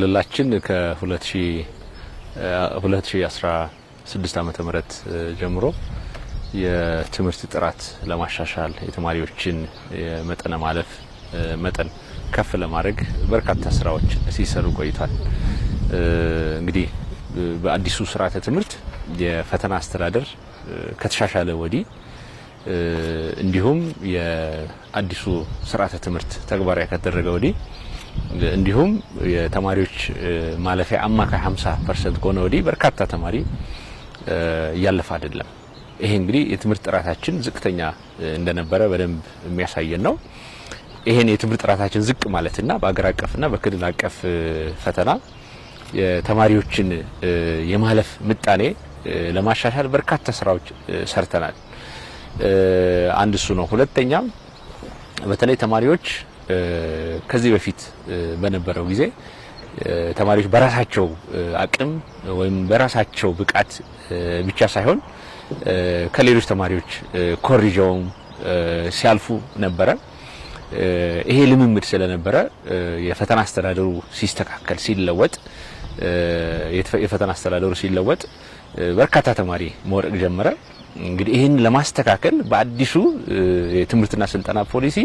ክልላችን ከ2016 ዓመተ ምህረት ጀምሮ የትምህርት ጥራት ለማሻሻል የተማሪዎችን የመጠነ ማለፍ መጠን ከፍ ለማድረግ በርካታ ስራዎች ሲሰሩ ቆይቷል። እንግዲህ በአዲሱ ስርዓተ ትምህርት የፈተና አስተዳደር ከተሻሻለ ወዲህ እንዲሁም የአዲሱ ስርዓተ ትምህርት ተግባራዊ ከተደረገ ወዲህ እንዲሁም የተማሪዎች ማለፊያ አማካይ 50 ፐርሰንት ከሆነ ወዲህ በርካታ ተማሪ እያለፈ አይደለም። ይሄ እንግዲህ የትምህርት ጥራታችን ዝቅተኛ እንደነበረ በደንብ የሚያሳየን ነው። ይሄን የትምህርት ጥራታችን ዝቅ ማለትና በአገር አቀፍና በክልል አቀፍ ፈተና የተማሪዎችን የማለፍ ምጣኔ ለማሻሻል በርካታ ስራዎች ሰርተናል። አንድ እሱ ነው። ሁለተኛ በተለይ ተማሪዎች ከዚህ በፊት በነበረው ጊዜ ተማሪዎች በራሳቸው አቅም ወይም በራሳቸው ብቃት ብቻ ሳይሆን ከሌሎች ተማሪዎች ኮሪጀውም ሲያልፉ ነበረ። ይሄ ልምምድ ስለነበረ የፈተና አስተዳደሩ ሲስተካከል ሲለወጥ የፈተና አስተዳደሩ ሲለወጥ በርካታ ተማሪ መውረቅ ጀመረ። እንግዲህ ይህን ለማስተካከል በአዲሱ የትምህርትና ስልጠና ፖሊሲ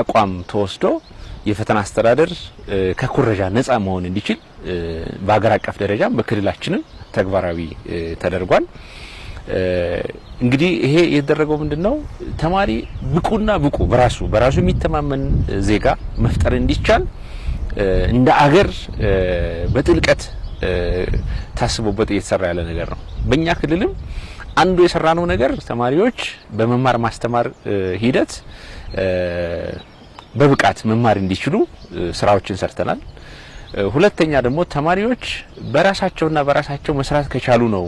አቋም ተወስዶ የፈተና አስተዳደር ከኩረጃ ነፃ መሆን እንዲችል በሀገር አቀፍ ደረጃም በክልላችንም ተግባራዊ ተደርጓል። እንግዲህ ይሄ የተደረገው ምንድን ነው? ተማሪ ብቁና ብቁ በራሱ በራሱ የሚተማመን ዜጋ መፍጠር እንዲቻል እንደ አገር በጥልቀት ታስቦበት እየተሰራ ያለ ነገር ነው። በእኛ ክልልም አንዱ የሰራነው ነገር ተማሪዎች በመማር ማስተማር ሂደት በብቃት መማር እንዲችሉ ስራዎችን ሰርተናል። ሁለተኛ ደግሞ ተማሪዎች በራሳቸውና በራሳቸው መስራት ከቻሉ ነው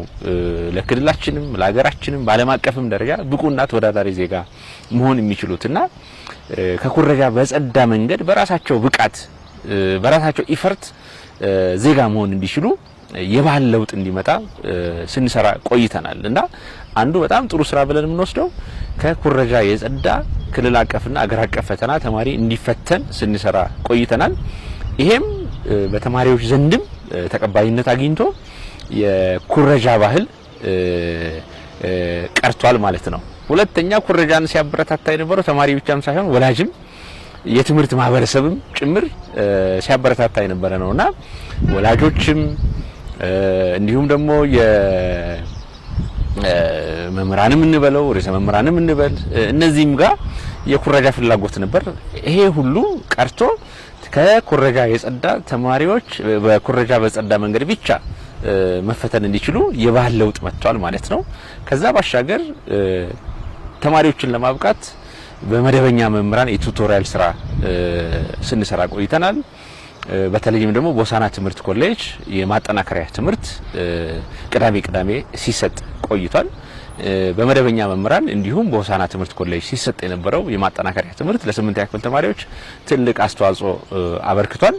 ለክልላችንም ለሀገራችንም በዓለም አቀፍም ደረጃ ብቁና ተወዳዳሪ ዜጋ መሆን የሚችሉትና ከኩረጃ በጸዳ መንገድ በራሳቸው ብቃት በራሳቸው ኢፈርት ዜጋ መሆን እንዲችሉ የባህል ለውጥ እንዲመጣ ስንሰራ ቆይተናል እና አንዱ በጣም ጥሩ ስራ ብለን የምንወስደው ከኩረጃ የጸዳ ክልል አቀፍና አገር አቀፍ ፈተና ተማሪ እንዲፈተን ስንሰራ ቆይተናል። ይሄም በተማሪዎች ዘንድም ተቀባይነት አግኝቶ የኩረጃ ባህል ቀርቷል ማለት ነው። ሁለተኛ ኩረጃን ሲያበረታታ የነበረው ተማሪ ብቻም ሳይሆን ወላጅም የትምህርት ማህበረሰብም ጭምር ሲያበረታታ የነበረ ነውና ወላጆችም እንዲሁም ደግሞ መምህራንም እንበለው ርዕሰ መምህራንም እንበል እነዚህም ጋር የኩረጃ ፍላጎት ነበር። ይሄ ሁሉ ቀርቶ ከኩረጃ የጸዳ ተማሪዎች በኩረጃ በጸዳ መንገድ ብቻ መፈተን እንዲችሉ የባህል ለውጥ መጥቷል ማለት ነው። ከዛ ባሻገር ተማሪዎችን ለማብቃት በመደበኛ መምህራን የቱቶሪያል ስራ ስንሰራ ቆይተናል። በተለይም ደግሞ ቦሳና ትምህርት ኮሌጅ የማጠናከሪያ ትምህርት ቅዳሜ ቅዳሜ ሲሰጥ ቆይቷል። በመደበኛ መምህራን እንዲሁም በሆሳና ትምህርት ኮሌጅ ሲሰጥ የነበረው የማጠናከሪያ ትምህርት ለስምንተኛ ክፍል ተማሪዎች ትልቅ አስተዋጽኦ አበርክቷል።